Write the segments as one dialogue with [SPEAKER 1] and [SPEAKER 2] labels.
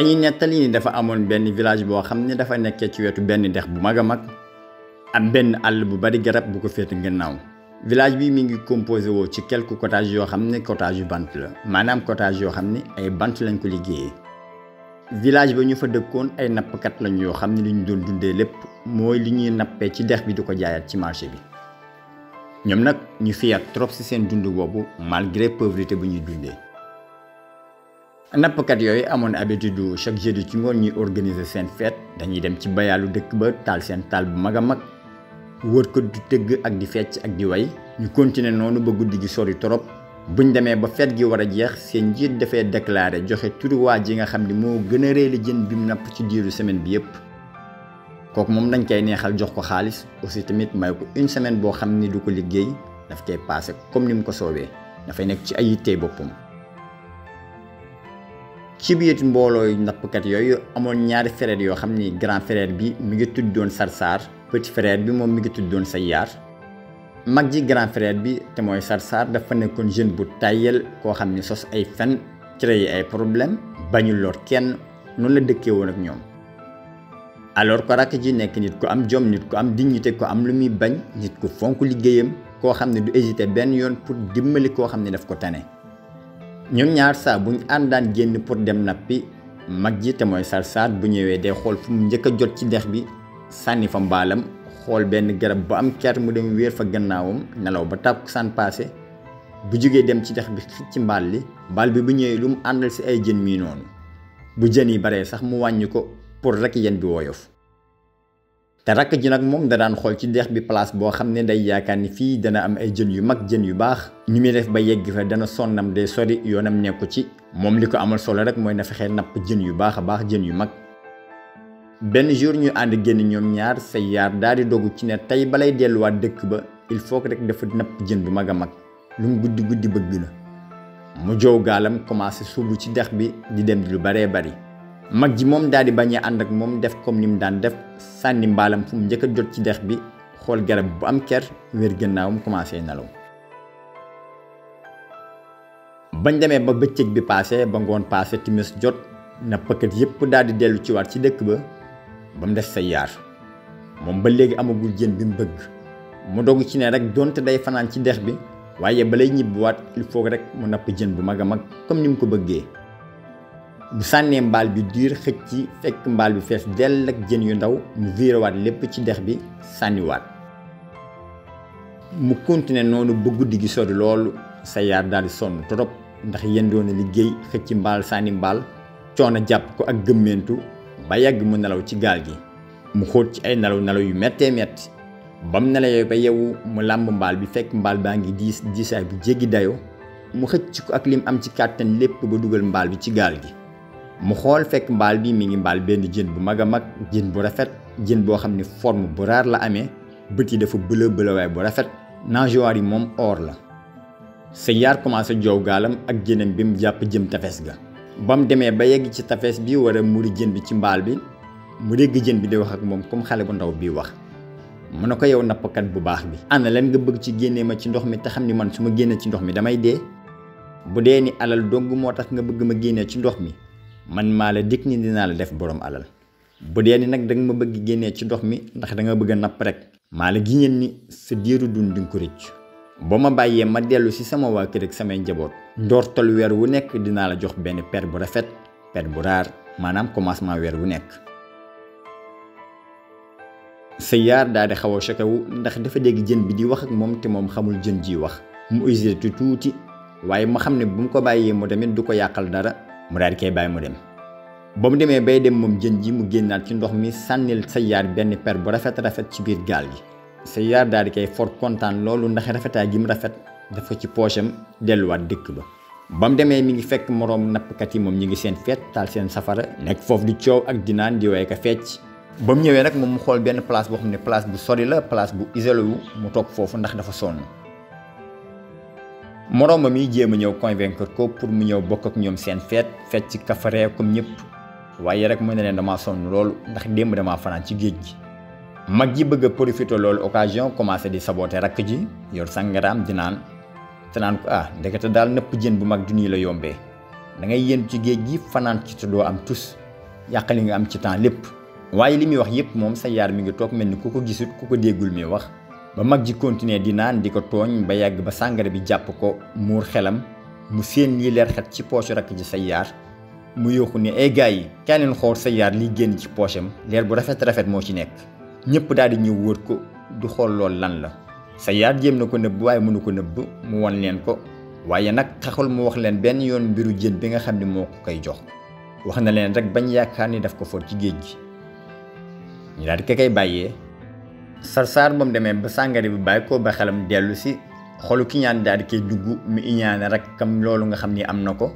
[SPEAKER 1] dañuy nettali ni dafa amoon village boo xam dafa ci wetu benn bu a mag am benn àll bu bari garab bu ko féete gannaaw village bi mi ngi composé woo ci quelques cottages yoo sont cottage bant la cottage ne ay bant lañ ko village ba ñu fa dëkkoon ay nappkat lañ yoo xam ne doon ci bi ko ci trop de seen malgré pauvreté nappkat yooyu amoon habitude du chaque jeudi ci ngone ñi organiser sen fête dañuy dem ci bayalu dekk ba tal sen tal bu maga mag wër ko du tëgg ak di fecc ak di way ñu continuer nonu ba guddigi sori torop buñ démé ba fête gi wara jeex sen jitt défé déclarer joxé turu waaji nga xamni mo gëna réel a réeli jën bi mu napp ci diiru semaine bi yépp kok mom dañ cey neexal jox ko xaaliss aussi tamit may ko une semaine bo xamni du ko liggéey daf cey passé comme nim ko ko da fay nek ci ay yittee ci biir mboolooyu nappkat yooyu amoon ñaari frère yoo xam ni grand frère bi mi ngi tudd tuddoon Sarsar petit frère bi moom mi ngi tuddoon Sayyaar mag ji grand frère bi te mooy Sarsar dafa nekkoon jeune bu tàyyel koo xam ni sos ay fen créé ay problème bañu lor kenn noonu la dëkkee woon ak ñoom alors que rakk ji nekk nit ku am jom nit ku am dignité ko am lu muy bañ nit ku fonk liggéeyam koo xam ne du hésité benn yoon pour dimbali koo xam ne daf ko tane ñoom ñaar saa buñ àndaan génn pour dem nappi mag ji te mooy sarsaat bu ñëwee day xool fu mu njëkk a jot ci dex bi sànni fa mbaalam xool benn garab bu am ker mu dem wéer fa gannaawam nelaw ba tàkkusaan paase bu jógee dem ci dex bi xicc ci mbaal li mbaal bi bu ñëwee lu mu àndal si ay jën mii noonu bu jën yi baree sax mu wàññi ko pour rek yéen bi woyof te rakk ji nak mom da daan xol ci dex bi place bo xam day yaakaar fii dana am ay jeun yu mag jeun yu bax ñu mi def ba yegg fa dana sonnam sori yonam neeku ci mom liko amal solo rek moy na fexé nap jeun yu baax bax jeun yu mag ben jour ñu and genn ñom ñaar Sayyaar daal di dogu ci ne tay balay delluwaat dekk ba il faut rek dafa nap jeun bu maga mag lu mu guddi guddi bëgg na mu jow galam commencé suubu ci bi di dem di lu bari mag ji moom daal di bañ a ànd ak moom def comme ni mu daan def sànni mbaalam fu mu njëkk jot ci dex bi xool garab bu am ker wér mu commencé nelaw bañ demee ba bëccëg bi paase ba ngoon passé timis jot na pëkkat yëpp daal di dellu ci waat ci dëkk ba ba mu def sa yaar moom ba léegi amagul jën bi mu bëgg mu dogu ci ne rek donte day fanaan ci dex bi waaye balay ñibbiwaat il faut rek mu napp jën bu mag a mag comme ni mu ko bëggee bu sànnee mbaal bi diir xëcc fekk mbaal bi fees dell ak jën yu ndaw mu virewaat lépp ci dex bi sànniwaat mu continuer noonu ba guddi gi sori loolu sa yaar daal di sonn trop ndax yendoon na liggéey xëcc mbaal sànni mbaal coono jàpp ko ak gëmmentu ba yàgg mu nelaw ci gaal gi mu xóot ci ay nelaw nelaw yu méttee metti bam nelawee ba yewu mu lamb mbaal bi fekk mbaal baa ngi diis diisaay bu jéggi dayo mu xëcc ko ak lim am ci kàttan lépp ba dugal mbaal bi ci gaal gi mu xol fek mbal bi mi ngi mbal ben jën bu maga a mag jën bu rafet jën bo xamni forme bu rar la amé beuti dafa dafa bëla way bu rafet nageoire yi or la Seyar commencé jow galam ak jënam bim japp jàpp jëm tefes ga bam démé ba yegg ci tefes bi wara muri jën bi ci mbal bi mu dégg jën bi di wax ak mom comme xalé bu ndaw bi wax mu ko yow nappkat bu baax bi ana lan nga bëgg ci génné ma ci ndox mi ta xamni man suma génné ci ndox mi damay dé bu dé ni alal dong moo tax nga bëgg ma génné ci ndox mi man maa la ni dina la def borom alal bu dee ni nag da nga ma bëgg génnee ci dox mi ndax da nga bëgg nap rek maa la giñeen ni sa diiru dun di ko recc boo ma ma delu ci sama wa kër sama njabot ndortal ndoortal wu nekk dina la jox ben per bu rafet per bu rar manam commencement weer wu nekk se yar da de ndax dafa deg bi di wax ak mom te mom xamul ji wax mu tu tuti waye ma xamne bu mu ko baye mo tamit du ko yakal dara mu daal di koy bàyyi mu dem ba mu demee bay dem moom jën ji mu génnaat ci ndox mi sànnil Sayyaar benn per bu rafet rafet ci biir gaal gi Sayyaar daal di koy fort kontaan loolu ndax rafetaay gi mu rafet dafa ci poosam delluwaat dëkk ba ba mu demee mi ngi fekk moroom nappkat yi moom ñu ngi seen feet taal seen safara nekk foofu di coow ak dinaan di woy ka fecc ba mu ñëwee nag moom mu xool benn place boo xam ne place bu sori la place bu isolé wu mu toog foofu ndax dafa sonn moroomam yi jéem a ñëw convaincre ko pour mu ñëw bokk ak ñoom seen feet feet ci kafaree comme ñëpp waaye rek mu ne leen damaa sonn loolu ndax démb damaa fanaan ci géej gi mag ji bëgg a loolu occasion commencé di saboote rakk ji yor sàngaraam di naan te naan ko ah ndekete daal nëpp jën bu mag du nii la yombee da ngay yéen ci géej gi fanaan ci te doo am tus yàq li nga am ci temps lépp waaye li muy wax yépp moom sa yaar mu ngi toog mel ni ku ko ku ko déggul mi wax ba mag ji continuer di naan di ko tooñ ba yàgg ba sàngara bi jàpp ko muur xelam mu séen lii leer xet ci poche rakk ji Sayar mu yooxu ni ay gars yi kaay leen xool Sayar liy génn ci poche am leer bu rafet rafet moo ci nekk ñëpp daal di ñëw wër ko du xool lool lan la sa Sayar jéem na ko nëbb waaye mënu ko nëbb mu won leen ko waaye nag taxul mu wax leen benn yoon mbiru jën bi nga xam ne moo ko koy jox wax na leen rek bañ yaakaar ni daf ko for ci géej gi ñu daal koy bàyyee sarsaar ba mu demee ba sàngari bi bàyyi ko ba xelam dellu si xolu ki ñaan daal di koy dugg mu iñaane rek kam loolu nga xam ni am na ko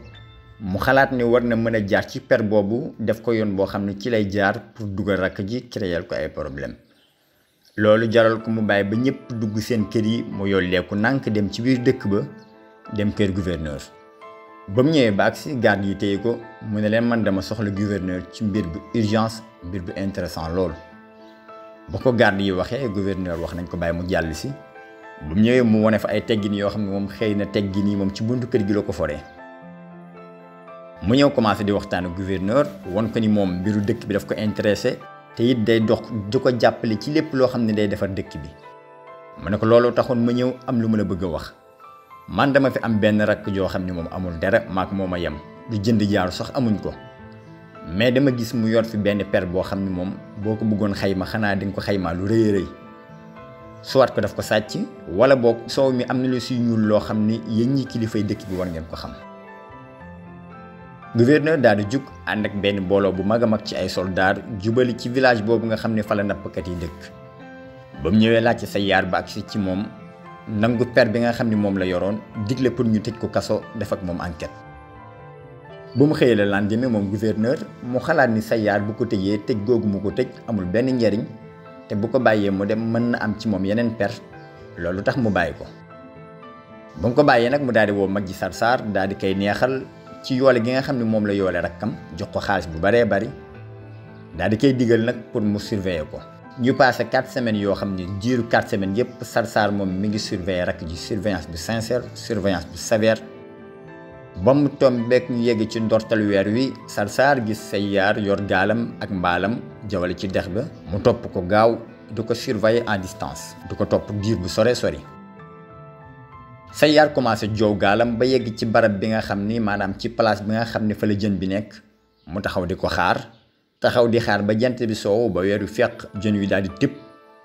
[SPEAKER 1] mu xalaat ni war na mën a jaar ci per boobu def ko yoon boo xam ne ci lay jaar pour dugal rakk ji créer ko ay problème loolu jaral ko mu bàyyi ba ñëpp dugg seen kër yi mu yolleeku nànk dem ci biir dëkk ba dem kër gouverneur ba mu ñëwee ba si garde yi téye ko mu ne leen man dama soxla gouverneur ci mbir bu urgence mbir bu intéressant lool ba ko garde yi waxee gouverneur wax nañ ko bàyyi mu jàll si bu ñëwee mu wone fa ay teggin yoo xam ne moom xëy na teggin yi moom ci buntu kër gi la ko fore mu ñëw commencé di waxtaan ak gouverneur won ko ni moom mbiru dëkk bi daf ko intéressé te it day dox du ko jàppale ci lépp loo xam ne day defar dëkk bi mu ne ko loolu taxoon ma ñëw am lu ma la bëgg a wax man dama fi am benn rakk joo xam ne moom amul dara maak moom a yem di jënd jaaru sax amuñ ko mais dama gis mu yor fi benn per boo xam ni moom boo ko bëggoon xayma xanaa di nga ko xayma lu rëy rëy soit ko daf ko sàcc wala boog soow mi am na lu si ñuul loo xam ni yéen ñi kilifay dëkk bi war ngeen ko xam. gouverneur daal di jug ànd ak benn mbooloo bu mag a mag ci ay soldaar jubali ci village boobu nga xam ne fa la nappkat yi dëkk ba mu ñëwee laajte sa yaar ba agsi ci moom nangu per bi nga xam ni moom la yoroon digle pour ñu tëj ko kaso def ak moom enquête. bu mu xëyee la lendemain moom gouverneur mu xalaat ni Sayar bu ko tëjee tëj googu mu ko tëj amul benn njariñ te bu ko bàyyee mu dem mën na am ci moom yeneen perte loolu tax mu bàyyi ko ba mu ko bàyyee nag mu daal di woo mag ji Sarsar daal di koy neexal ci yoole gi nga xam ne moom la yoole am jox ko xaalis bu baree bari daal di koy digal nag pour mu surveiller ko ñu passé quatre semaine yoo xam ne diiru quatre semaines yëpp Sarsar moom mi ngi surveiller rakk ji surveillance bu sincère surveillance bu sévère ba mu tombeek ñu yegg ci ndortal weer wi sarsaar gis sayyaar yor gaalam ak mbaalam jawale ci dex ba mu topp ko gaaw du ko surveiller à distance du ko topp diir bu sore sori sayyaar commencé joow gaalam ba yegg ci barab bi nga xam ni maanaam ci place bi nga xam ni fa la jën bi nekk mu taxaw di ko xaar taxaw di xaar ba jant bi soow ba weeru feq jën wi daal di tibb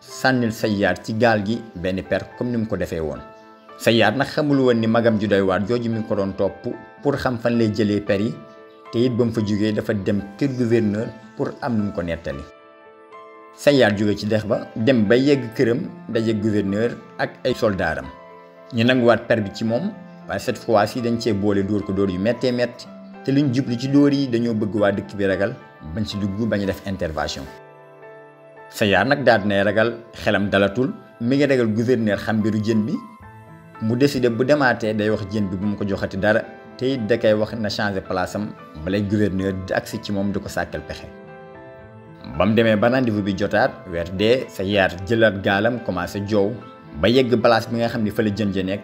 [SPEAKER 1] sànnil sayyaar ci gaal gi benn per comme ni mu ko defee woon Sayar nag xamul woon ni magam ju doy waar jooju mi ngi ko doon topp pour xam fan lay jëlee per yi te it ba mu fa jógee dafa dem kër gouverneur pour am nu mu ko nettali. Sayar jóge ci dex ba dem ba yegg këram daje gouverneur ak ay soldaaram ñu nanguwaat per bi ci moom waaye cette fois ci dañ cee boole dóor ko dóor yu méttee métti te luñ jublu ci dóor yi dañoo bëgg waa dëkk bi ragal bañ ci dugg bañ def intervention. Sayar nag daal dinay ragal xelam dalatul mi ngi ragal gouverneur xam jën bi. mu décidé bu demaatee day wax jën bi bu mu ko joxati dara te it da koy wax na changé place am lay gouverneur di agsi ci moom di ko sàkkal pexe ba mu demee ba rendez-vous bi jotaat weer dee sa yaar jëlaat gaalam commencé joow ba yegg place bi nga xam ne fa la jën ja nekk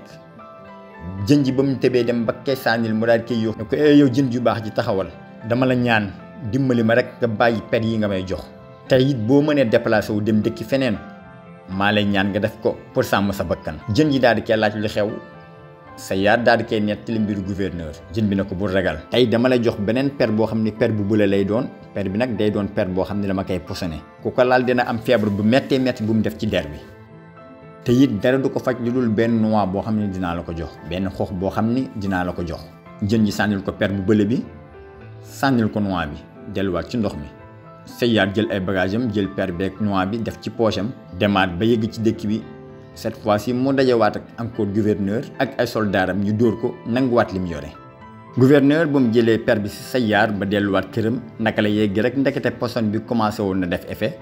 [SPEAKER 1] jën ji ba mu tebee dem ba kay saanil mu daal kay yóox ne ko eh, yow jën ju baax ji taxawal dama la ñaan dimbali ma rek nga bàyyi per yi nga may jox te it boo mënee déplacé wu dem dëkk feneen maa lay ñaan nga def ko pour sàmm sa bakkan jën yi daal di koy laaj lu xew sa yaar daal di koy nett li mbiru gouverneur jën bi na ko bul ragal tey dama lay jox beneen per boo xam ni per bu bële lay doon per bi nag day doon per boo xam ne dama koy posone ku ko laal dina am feebar bu méttee métti bu mu def ci der bi te it dara du ko faj lu dul benn noix boo xam ne dinaa la ko jox benn xoox boo xam ni dinaa la ko jox jën ji sànnil ko per bu bële bi sànnil ko noix bi delluwaat ci ndox mi Seyar jël ay bagages am jël per beeg noix bi def ci poche am demaat ba yëgg ci dëkk bi cette fois ci mu dajawaat ak encore gouverneur ak ay soldaaram ñu dóor ko nanguwaat li mu yore. gouverneur ba mu jëlee per bi si Seyar ba delluwaat këram naka la yegg rek ndekete poison bi commencé woon na def effet.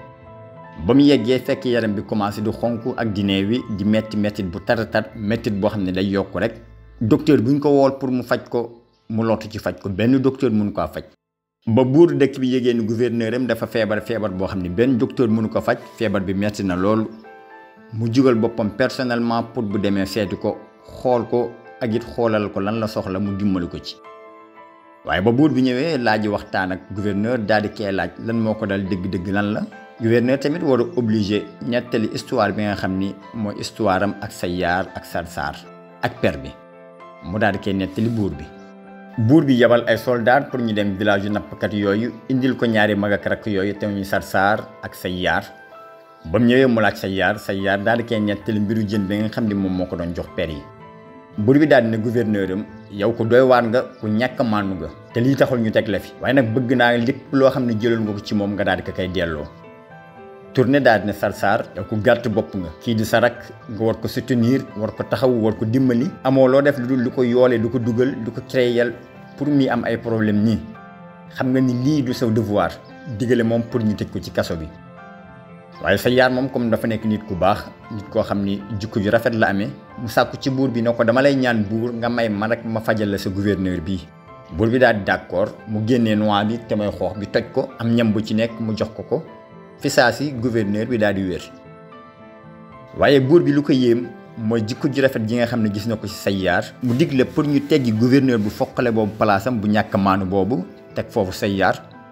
[SPEAKER 1] ba mu yeggee fekk yaram bi commencé di xonk ak dine wi di metti mettit bu taratat mettit boo xam ne day yokk rek docteur bu ñu ko wool pour mu faj ko mu lottu ci faj ko benn docteur mun koo faj ba buur dëkk bi yégée ni gouverneur am dafa feebar feebar boo xam ni benn docteur mënu ko faj feebar bi metti na loolu mu jugal boppam personnellement pour bu demee seeti ko xool ko ak it xoolal ko lan la soxla mu dimbali ko ci waaye ba buur bi ñëwee laaj waxtaan ak gouverneur daal di kee laaj lan moo ko dal dëgg-dëgg lan la gouverneur tamit war a obligé ñettali bi nga xam ni mooy histoire am ak Sayyaar ak Sarsar ak per bi mu daal di koy nettali bi buur bi yabal ay soldaar pour ñu dem village yu nappkat yooyu indil ko ñaari mag yooyu te ñu Sarsar ak yaar ba mu ñëwee mu laaj Sayyaar Sayyaar daal di koy nettali mbiru jën bi nga xam ne moom moo ko doon jox per yi buur bi daal di ne gouverneur am yow ko doy waar nga ku ñàkk a màndu nga te lii taxul ñu teg la fi waaye nag bëgg naa lépp loo xam ne jëlal nga ko ci moom nga daal di ko koy delloo. dal daal sar-sar, yow ku gatt bop nga ki di sarak nga war ko soutenir war ko taxaw war ko dimbali amo lo def lu lu ko lu ko dugal lu ko créyal pour mi am ay problème ni xam nga ni li du saw devoir digale mom pour ñu tek ko ci kasso bi waye sa yar mom comme dafa nek nit ku bax nit ko xamni jikko ju rafet la amé mu sakku ci bour bi ne dama lay ñaan bour nga may man rek ma fajal la sa gouverneur bi bour bi daal d'accord mu noix bi te may xox bi tej ko am ñam bu ci nek mu jox ko ko fi si gouverneur bi daal di wér waaye bi lu ko jikko rafet nga ne gis na ci mu digle pour ñu gouverneur bu foqale boobu am bu ñàkk maanu boobu teg foofu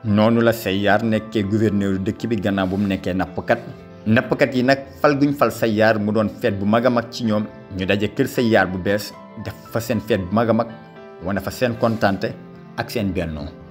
[SPEAKER 1] la gouverneur dëkk bi gannaaw bu mu nekkee nappkat nappkat yi nag fal guñ fal mu doon bu a ci ñoom ñu daje kër bu bees def fa seen feet bu mag a fa